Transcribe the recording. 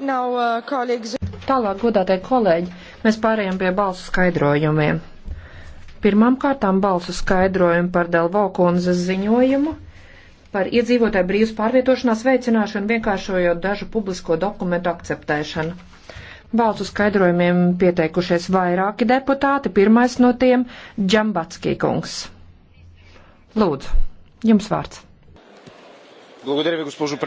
Now, uh, colleagues... Tālāk, godātie kolēģi, mēs pārējām pie balsu skaidrojumiem. Pirmām kārtām balsu skaidrojumu par Delvokunzes ziņojumu par iedzīvotāju brīvas pārvietošanās veicināšanu, vienkāršojot dažu publisko dokumentu akceptēšanu. Balsu skaidrojumiem pieteikušies vairāki deputāti, pirmais no tiem - Džambatskī kungs. Lūdzu, jums vārds. Благодаря ви, госпожо